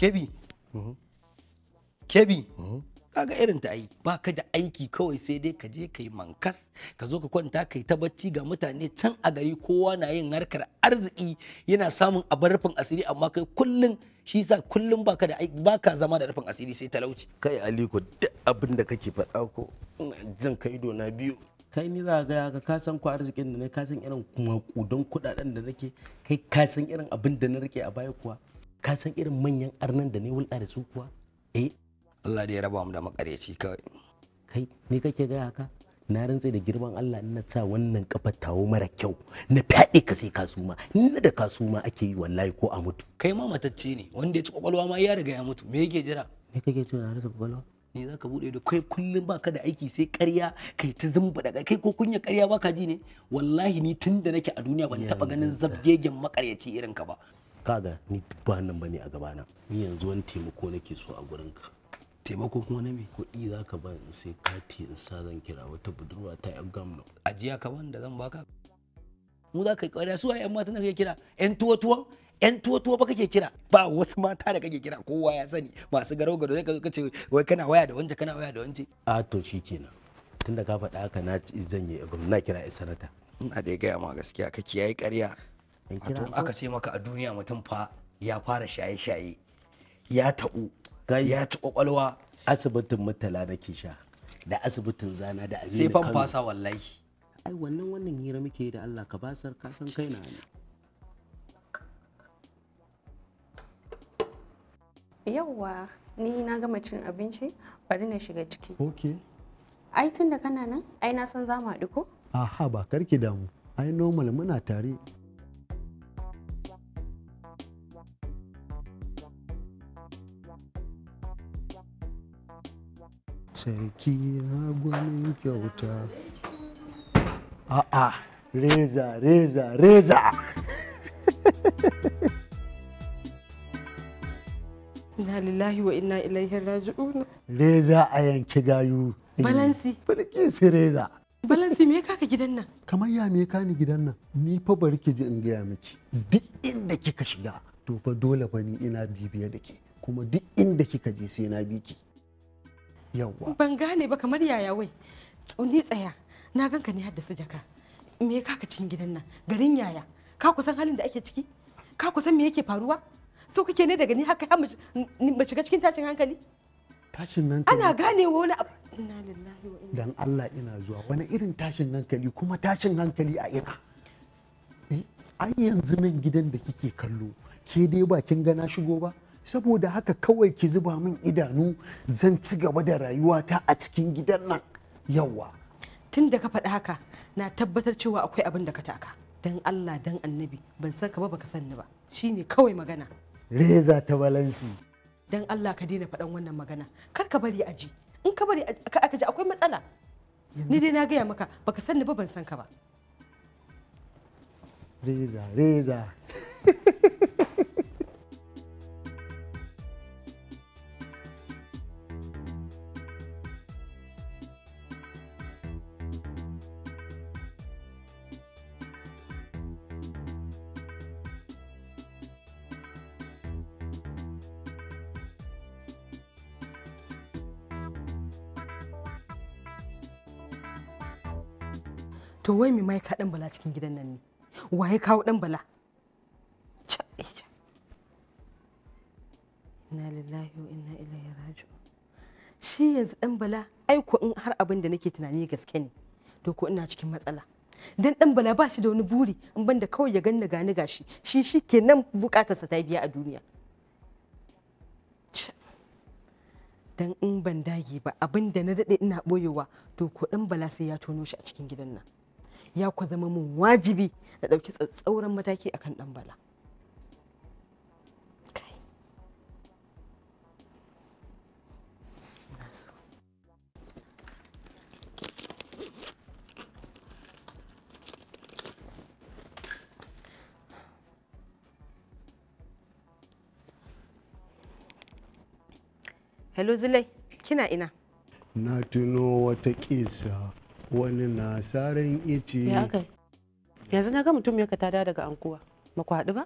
kebi mhm. kebi mhm. kaga irin ta ai baka da aiki kawai sai dai ka je kai mankas ka zo ka kwanta kai ta bacci ga mutane can a gari kowa na yin harkar arziki yana samun abarfin asiri amma kai kullun shi sa kullun baka da aiki baka zama da rufin asiri sai talauci kai aliko duk abin da kake faɗa ko jin kai ido na biyu kai ni za ga ka ka san ku arzikin da ne ka san irin kuma kudan kudaden da nake kai ka san irin abin da na rike a baya kuwa ka san irin manyan arnan da ne hulɗa da su kuwa eh Allah da ya raba mu da makareci kawai kai ni kake gaya haka na rantse da girman Allah na sa wannan kafar tawo mara kyau na fyaɗe ka sai kasuma ni da kasuma ake yi wallahi ko a mutu kai ma matacce ne wanda ya ci kwakwalwa ma ya riga ya mutu me yake jira me kake jira na rasa kwakwalwa Ni za ka buɗe da kai kullum baka da aiki sai ƙarya kai ta zumba daga kai ko kunya ƙarya baka ji ne wallahi ni tun da nake a duniya ban taɓa ganin zabgegen makaryaci irin ka ba ga ni ba nan bane a gabana ni yanzu wani taimako nake so a gurin ka taimako kuma na me kuɗi za ka ba in sai kati in sa zan kira wata budurwa ta yan gamma ajiya ka ban da zan baka mu za ka yi ƙwarya a yan mata na kake kira yan tuwo tuwo yan tuwo tuwo ba kake kira ba wasu mata da kake kira kowa ya sani masu garau garau sai ka ce wai kana waya da wance kana waya da wance a to shi kenan, tunda ka faɗa haka na zan yi gwamna kira sanata ina da ya gaya ma gaskiya ka kiyaye ƙarya to aka ce maka a duniya mutum fa ya fara shaye-shaye ya taɓu ya ci kwakwalwa asibitin mutala nake sha da asibitin zana da abin sai fan sa wallahi ai wannan wannan hira muke da Allah ka basar ka san kai na yawwa ni na gama cin abinci bari na shiga ciki okay ai tun da kana nan ai na san za mu haɗu ko aha ba karki damu ai normal muna tare sarki na gwanin kyauta a'a reza reza reza ina lillahi wa inna ilaihi raji'un reza a yanki gayu eh, balansi barki su reza balansi me kaka gidan nan kamar ya me kani gidan nan ni fa bari ki ji in gaya miki duk inda kika shiga to fa dole fa ni ina bibiya da ke kuma duk inda kika je sai na biki yawwa ban gane ba kamar yaya wai ni tsaya na ganka ne haddasa jaka me ka cikin gidan nan garin yaya ka kusan halin da ake ciki ka kusan me yake faruwa so kake ne daga ni haka ba shiga cikin tashin hankali tashin nan ana gane wani abu inna lillahi wa inna dan Allah ina zuwa wani irin tashin hankali kuma tashin hankali a ina eh, ai yanzu nan gidan da kike kallo ke dai ba kin ga na shigo ba saboda haka kawai ki zuba min idanu zan ci gaba da rayuwata a cikin gidan nan yawa tun da ka faɗi haka na tabbatar cewa akwai abin da ka taka dan Allah dan annabi ban san ka ba baka sanni ba shine kawai magana reza ta balansi dan Allah ka daina faɗan wannan magana kar ka bari a ji in ka bari aka ji akwai matsala ni dai na gaya maka baka sanni ba ban san ka ba reza reza wai mai mai ka dan bala cikin gidan nan ne waye kawo dan bala eh, inna lillahi wa inna ilaihi raji shi yanzu dan bala aiko in har abin da nake tunani gaske ne to ko ina cikin matsala dan dan bala ba shi da wani buri in banda kawai ya ganna gani gashi shi shi kenan bukatarsa ta biya a duniya dan in ban dage ba abin da na dade ina boyewa to ko dan bala sai ya tono shi a cikin gidan nan ya kwa zama mun wajibi na ɗauki tsatsauran mataki akan ɗan bala Hello Zulai, kina ina? Na tuno wata ƙisa wani nasarar ice yanzu na ga mutum ya ta da daga ankuwa ba ku haɗu ba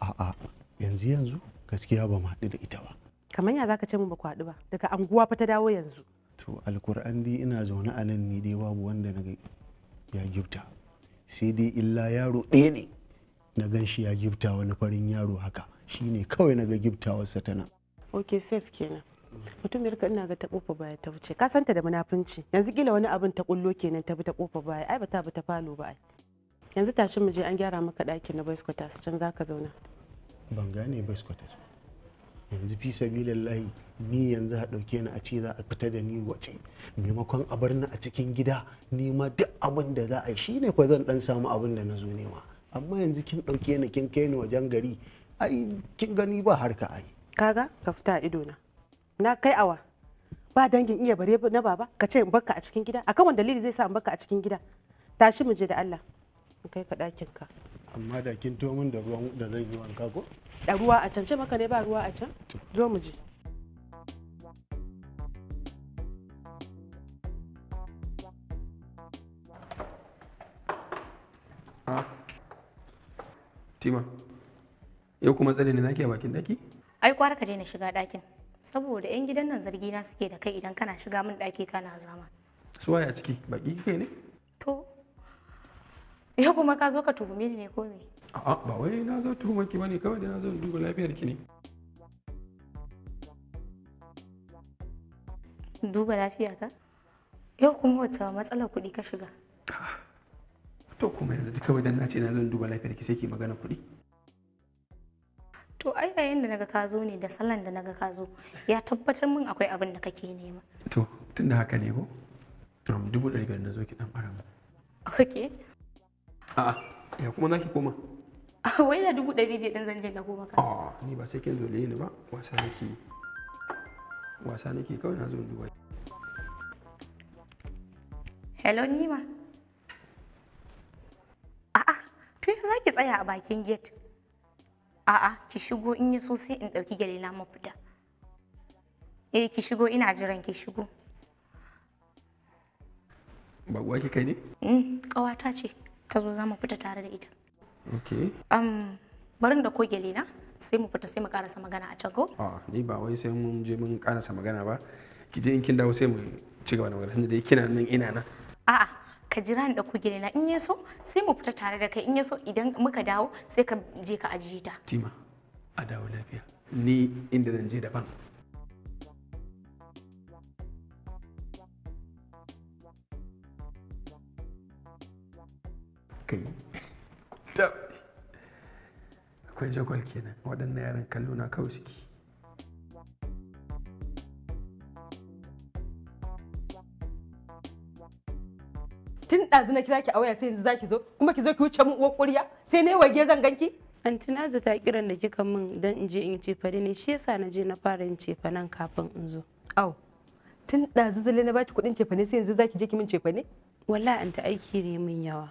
a'a yanzu yanzu gaskiya ba mu haɗu da ita ba kamar ya ka ce mu ba ku ba daga anguwa fa ta dawo yanzu to alkur'an dai ina zaune a nan ni dai babu wanda na ya gifta sai dai illa yaro ɗaya ne na gan shi ya gifta wani farin yaro haka shi ne kawai na ga giftawarsa ta nan ok safe kenan mutum ya rika ina ga ta kofa baya ta wuce ka santa da munafunci yanzu kila wani abin ta kullo kenan ta bi ta kofa baya ai ba ta bi ta falo ba ai yanzu tashi mu je an gyara maka dakin na boys quarters can zaka zauna ban gane boys quarters yanzu fi sabilillahi ni yanzu a dauke ni a ce za a fita da ni wace maimakon a bar ni a cikin gida ni ma duk abin da za a yi shine fa zan dan samu abin da na zo nema amma yanzu kin ɗauke ni kin kai ni wajen gari ai kin gani ba harka ai kaga ka fita ido na na kai awa ba dangin iya bare na baba ka ce in bakka a cikin gida akan wani dalili zai sa in bakka a cikin gida tashi mu je da Allah in kai ka dakin ka amma da kin to min da ruwan da zan yi wanka ko da ruwa a can ce maka ne ba ruwa a can zo mu je a ah. tima yau kuma tsare ne zaki a bakin daki ai kwara ka na shiga dakin saboda yan gidan nan zargi na suke da kai idan kana shiga min ɗaki kana zama su waye a ciki baki kike ne to ya kuma ka zo ka tuhume ni ne ko me a'a ba wai na zo tuhumar ki bane kawai da na zo duba lafiyar ki ne duba lafiyata yau kuma wacce matsalar kuɗi ka shiga ah, to kuma yanzu duka dan na ce na zan duba lafiyar ki sai ki magana kuɗi to ai a yanda naga ka zo ne da sallan da naga ka zo ya tabbatar min akwai abin da kake nema to tun da haka ne ko dubu ɗari biyar na zo ki dan fara mu a a'a ya kuma naki koma ah, wai da dubu ɗari biyar ɗin zan je na goma ka a ni ba sai kin zole ni ba wasa nake wasa nake kawai na zo in duba hello nima a'a to ya zaki tsaya a bakin gate a'a ki shigo in yi so sai in ɗauki gyale na mafita eh ki shigo ina jiran ki shigo uwa ki kai ne mm, Ƙawata ce ta zo za mu fita tare da ita okay um barin da ko gyale na sai mu fita sai mu karasa magana a can ko a ni ba wai sai mun je mun karasa magana ba ki je in kin dawo sai mu ci gaba da magana tunda dai kina nan ina nan a'a ka jira ni da ku na in ya so sai mu fita tare da kai in ya so idan muka dawo sai ka je ka ajiye ta tima a dawo lafiya ni inda zan je daban kai akwai jagwal kenan waɗannan yaran kallo na kawai suke ɗazu na kira ki a waya sai yanzu zaki zo kuma ki zo ki wuce min uwar ƙuriya sai ne wage zan ganki antinazu ta kiran da kika min dan in je in ce fari ne shi yasa na je na fara yin cefa nan kafin in zo au tun ɗazu zule na baki kuɗin cefa ne sai yanzu zaki je ki min cefa ne an ta aiki ne min yawa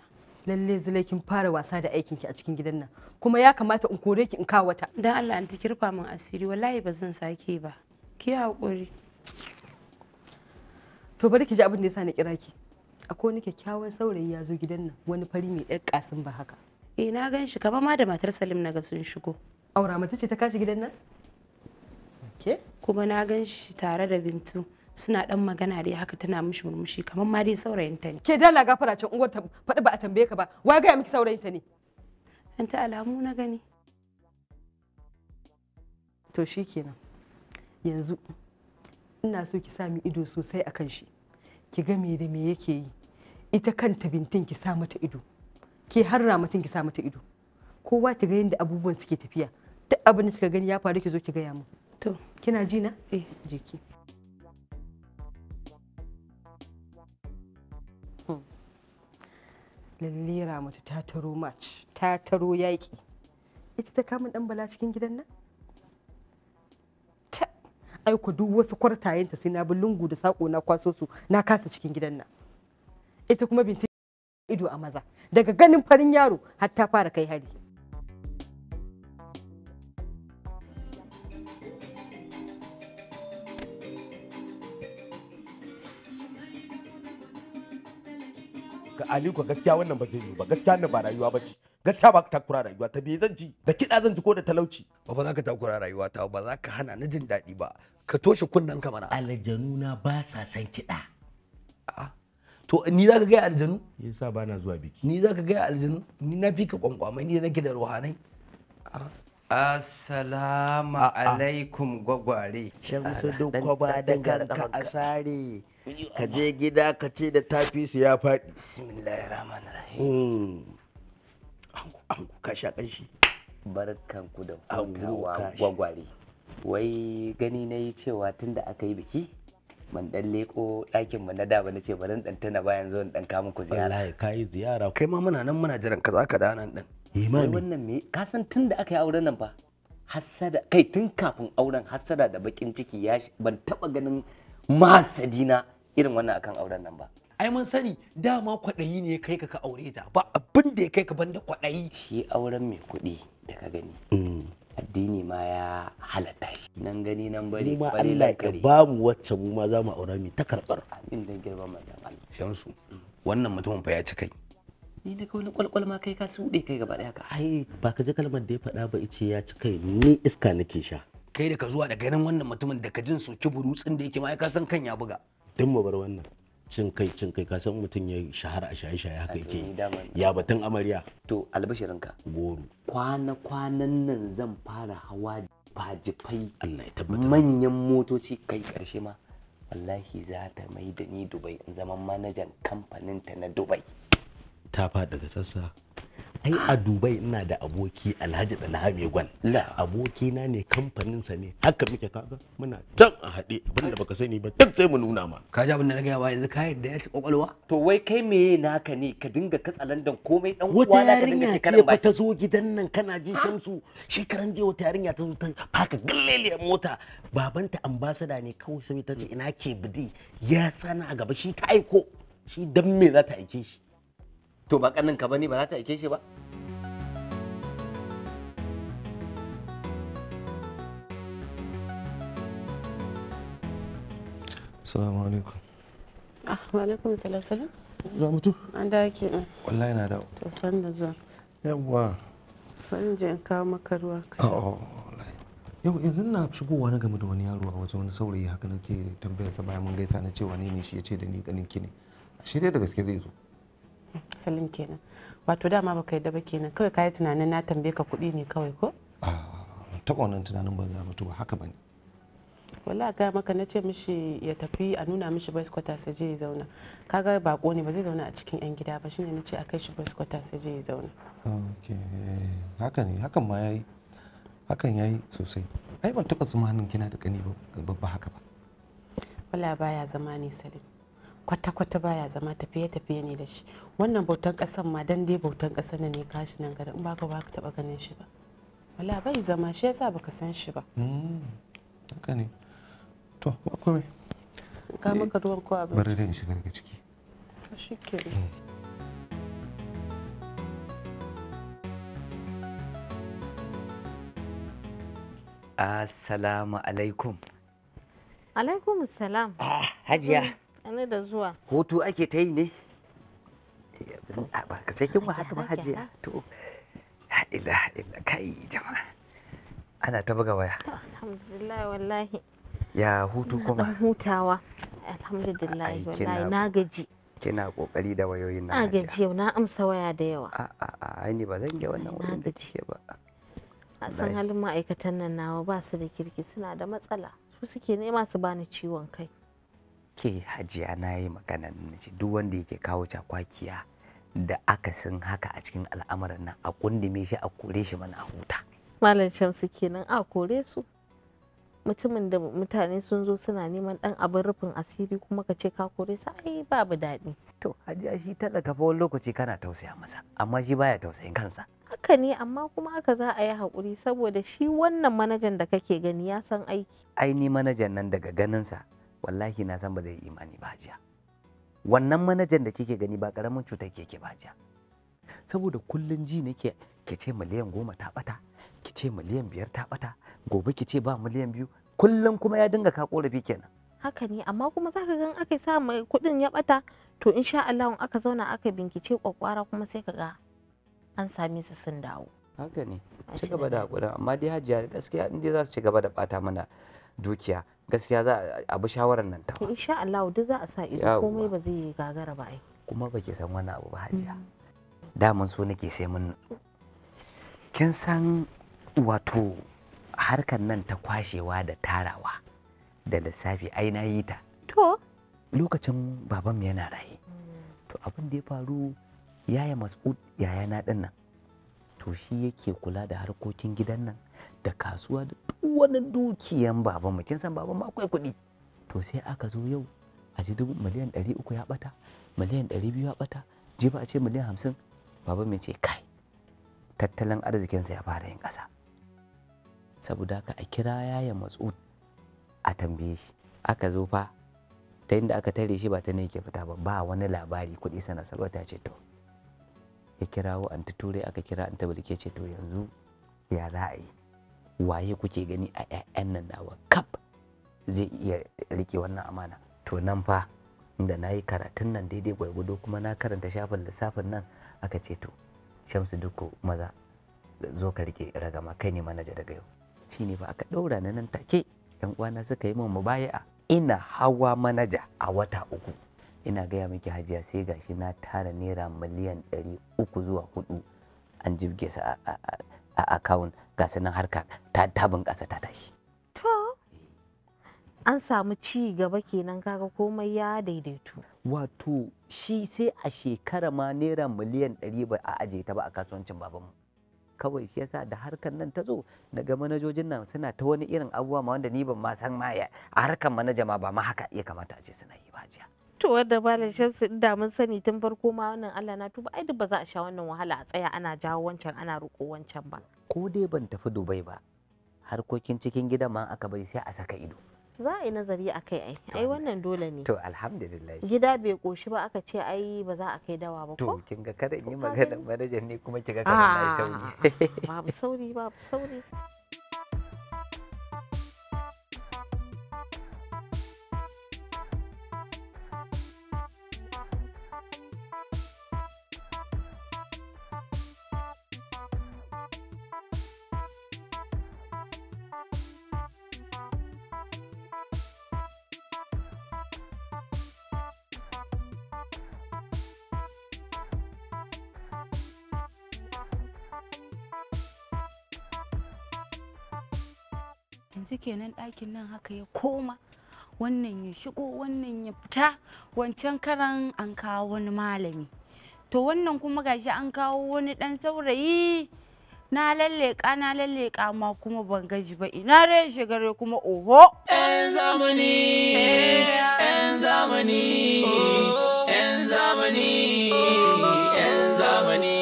lalle zule kin fara wasa da aikin ki a cikin gidan nan kuma ya kamata in kore ki in kawo wata dan Allah ta kirfa min asiri wallahi ba zan sake ba ki haƙuri to bari ki ji abin da yasa na kira ki akwai wani kyakkyawan saurayi ya zo gidan nan wani fari mai ɗan kasin ba haka eh na gan shi kamar ma da matar salim naga sun shigo aura mace ce ta kashi gidan nan ke kuma na gan shi tare da bintu suna dan magana dai haka tana mishi murmushi kamar ma dai saurayin ta ne ke dala gafara can uwar ta faɗi ba a tambaye ka ba wa ga miki ta ne an ta alamu na gani to shikenan yanzu ina so ki sami ido sosai akan shi ki ga me da me yake yi ita kanta bintin ki sa mata ido ke har ramatin ki sa mata ido kowa ki ga yadda abubuwan suke tafiya duk abin da kika gani ya faru ki zo ki gaya mu to kina ji na eh jiki hmm. lalle mata ta taro match ta taro yaƙi ita ta kama dan bala cikin gidan nan aiko duk wasu kwartayenta sai na bi lungu da sako na kwaso su na kasa cikin gidan nan ita kuma binti ido a maza daga ganin farin yaro har ta fara kai hari ga aliko gaskiya wannan ba zai yi ba gaskiya nan ba rayuwa ba ce gaskiya ba ka takura rayuwa ta me zan ji da kiɗa zan ji ko da talauci ba za ka takura rayuwa ta ba za ka hana ni jin daɗi ba ka toshe kunnen ka mana aljanu na ba sa san kiɗa to ni za ka gaya aljanu yasa ba na zuwa biki ni za ka gaya aljanu ni na fi ka kwankwamai ni nake da ruhanai Assalamu alaikum gwagware. Shamsu duk kwaba da garka a sare. Ka je gida ka ce da tafi su ya faɗi. Bismillahirrahmanirrahim. Hmm. an kuka sha kanshi barkanku da hutawa gwagware wai gani na yi cewa tun da aka yi biki man dan leko ɗakin mu na da ba nace bari dan tana bayan zo dan ka muku ziyara ya kai ziyara kai ma muna nan muna jiran ka za ka da nan din imami wannan me ka san tun da aka yi auren nan ba. hassada kai tun kafin auren hassada da bakin ciki ya ban taba ganin masadina irin wannan akan auren nan ba ai mun sani dama kwaɗayi ne kai ka ka aure ta ba abin da ya kai ka banda kwaɗayi shi auren mai kuɗi da ka gani mm. addini ma ya halatta shi nan gani nan bari ma Allah ya ba mu wacce mu ma za mu aura mi ta karbar amin dan girman manzon Allah shansu mm. wannan mutumin fa ya ci kai ni da wani kwalkwal ma kai ka suɗe kai gaba ɗaya ka ai ba ka ji kalmar da ya faɗa ba ice ya ci kai ni iska nake sha kai da ka zuwa da ganin wannan mutumin da ka jin soki burutsin da yake ma ya ka san kan ya buga Dan mu bar wannan cin kai cin kai ka san mutum ya shahara a shaye shaye haka yake eh, ya batun amarya to albashirinka goro kwana kwanan nan zan fara hawa fajifai Allah ya tabbata manyan motoci kai karshe ma wallahi za ta mai da ni Dubai in zaman manajan kamfanin ta na Dubai ta faɗi ga sassa ai a dubai ina da aboki alhaji dalha mai gwal aboki na ne kamfaninsa ne haka muke kaga muna tan a haɗe abinda baka sani ba duk sai mu nuna ma ka ji abin da na gaya yanzu ka yadda ya ci kwakwalwa to wai kai me naka ne ka dinga katsalandan komai dan uwa na ka dinga ce karan ba ta zo gidan nan kana ji shamsu shekaran jiya wata yarinya ta zo ta faka galleliyar mota babanta ambasada ne kawai sai ta ce ina ke bidi ya sana a gaba shi ta aiko shi dan me za ta aike shi to ba kannin ka bane ba za ta aike shi ba Assalamu alaikum. Ah, wa alaikum salam salam. Za mutu? An da yake. Wallahi na dawo. To san da zuwa. Yawwa. Farin je in kawo maka ruwa ka sha. Oh, Yau yanzu na shigowa na game da wani yaro a wajen wani saurayi haka nake tambayarsa bayan mun gaisa na cewa ne ne shi ya ce da ni ganin ki ne. Shi dai da gaske zai zo. salim kenan wato dama baka yadda ba kenan kawai yi tunanin na tambaye ka kuɗi ne kawai ko ah, taɓa wannan tunanin ba za mutu ba haka bane wallahi ga maka na ce mishi ya tafi a nuna mishi boys quarter sai je ya zauna kaga bako ne ba zai zauna a cikin yan gida ba shine na ce a kai shi boys quarter sai je ya zauna okay haka ne hakan ma yayi hakan yayi sosai ai ban taɓa zama kina da kani ba ba haka ba wallahi baya zama ne salim kwata-kwata baya zama tafiye-tafiye ne da shi wannan bautan kasan ma dan dai bautan kasan nan ne kashi nan gada in ba ka baka taba ganin shi ba wala bai zama shi yasa baka san shi ba hmm, haka ne to ba komai ka maka ruwan ko bari da in shiga daga ciki hmm. Assalamu alaikum. Alaikum salam. Ah, hajiya. Sani da zuwa. hoto ake ta yi ne? Ba ka sai kin wahala ba hajiya. To, la ila illa kai jama'a. Ana ta buga waya. Alhamdulillah wallahi. Ya hutu kuma? hutawa. Alhamdulillah wallahi na gaji. Kina kokari da wayoyin na. Na gaji yau na amsa waya da yawa. a a ni ba zan ga wannan wurin da kike ba. a san halin ma'aikatan nan nawa ba su da kirki suna da matsala su suke nema su bani ciwon kai ke hajiya na yi magana na ce duk wanda yake kawo cakwakiya da aka akasin haka a cikin al'amarin nan a kundume shi a kore shi mana a huta malam shamsu kenan a kore su mutumin da mutane sun zo suna neman dan abin rufin asiri kuma ka ce ka kore su ai babu daɗi to hajiya shi ta daga fawon lokaci kana tausaya masa amma shi baya tausayin kansa haka ne amma kuma haka za a yi haƙuri saboda shi wannan manajan da kake gani ya san aiki ai ni manajan nan daga ganinsa wallahi na san ba zai imani ba hajiya wannan manajan da kike gani ba karamin cutar ke ba jiya saboda kullun ji nake ki ce miliyan goma ta bata ki ce miliyan biyar ta bata gobe ki ce ba miliyan biyu kullun kuma ya dinga ka korafi kenan haka ne amma kuma za ka ga aka sa mai kudin ya bata to insha Allah aka zauna aka bincike kwakwara kuma sai ka ga an same su sun dawo haka ne ci gaba da hakuri amma dai hajiya gaskiya inda za su ci gaba da bata mana dukiya gaskiya za a bi shawarar nan ta insha Allah duk za a sa ido komai ba zai gagara ba ai kuma baki san wani abu ba hajiya mm. da mun so nake sai mun kin san wato harkar nan ta kwashewa da tarawa da lissafi ai na yi ta to lokacin baban yana raye mm. to abin da ya faru yaya mas'ud yaya na dinnan to shi yake kula da harkokin gidan nan da kasuwa da wani dukiyan babanmu kin san mu akwai kuɗi to sai aka zo yau a ji dubu miliyan ɗari uku ya ɓata miliyan ɗari biyu ya ɓata je ba a ce miliyan hamsin baba mai ce kai tattalin arzikinsa ya fara yin ƙasa saboda haka a kira yaya matsud a tambaye shi aka zo fa ta inda aka tare shi ba ta ne ke fita ba ba wani labari kuɗi sana salwata ce to ya kirawo an turai aka kira an ce to yanzu ya za a waye kuke gani a 'ya'yan nan nawa kap zai iya rike wannan amana to nan fa da na yi karatun nan daidai gwargwado kuma na karanta shafin lissafin nan aka ce to shamsu duku maza zo ka rike ragama kai ne manaja daga yau shi ne ba aka ɗaura na nan take yan uwana suka yi min mubaya'a ina hawa manaja a wata uku ina gaya miki hajiya sai gashi na tara naira miliyan ɗari uku zuwa hudu an jibge sa a akawun ga harka ta tabin ƙasa ta tashi to an samu ci gaba kenan kaga komai ya daidaitu wato shi sai a shekara ma naira miliyan ɗari ba a aje ta ba a kasuwancin babanmu kawai shi yasa da harkar nan ta zo daga manajojin nan suna ta wani irin abubuwa ma wanda ni ban ma san ma ya a harkar manaja ma ba ma haka ya kamata a ce suna yi ba jiya to da Malam Shamsu inda mun sani tun farko ma wannan Allah na tuba ai duk ba za a sha wannan wahala a tsaya ana jawo wancan ana roƙo wancan ba. Ko dai ban tafi Dubai ba harkokin cikin gidan ma aka bari sai a saka ido. Za a yi nazari a kai ai, ai wannan dole ne. To alhamdulillah. Gida bai ƙoshi ba aka ce ai ba za a kai dawa ba ko? To kin ga kada in magana manajan ne kuma kiga ah, kana sauri. Babu sauri babu sauri. nan ɗakin nan haka ya koma wannan ya shigo wannan ya fita wancan karan an kawo wani malami to wannan kuma gashi an kawo wani ɗan saurayi na lalleka na lalleka ma kuma ban gaji ba ina dai shigare kuma oho yan zamani yan zamani yan zamani yan zamani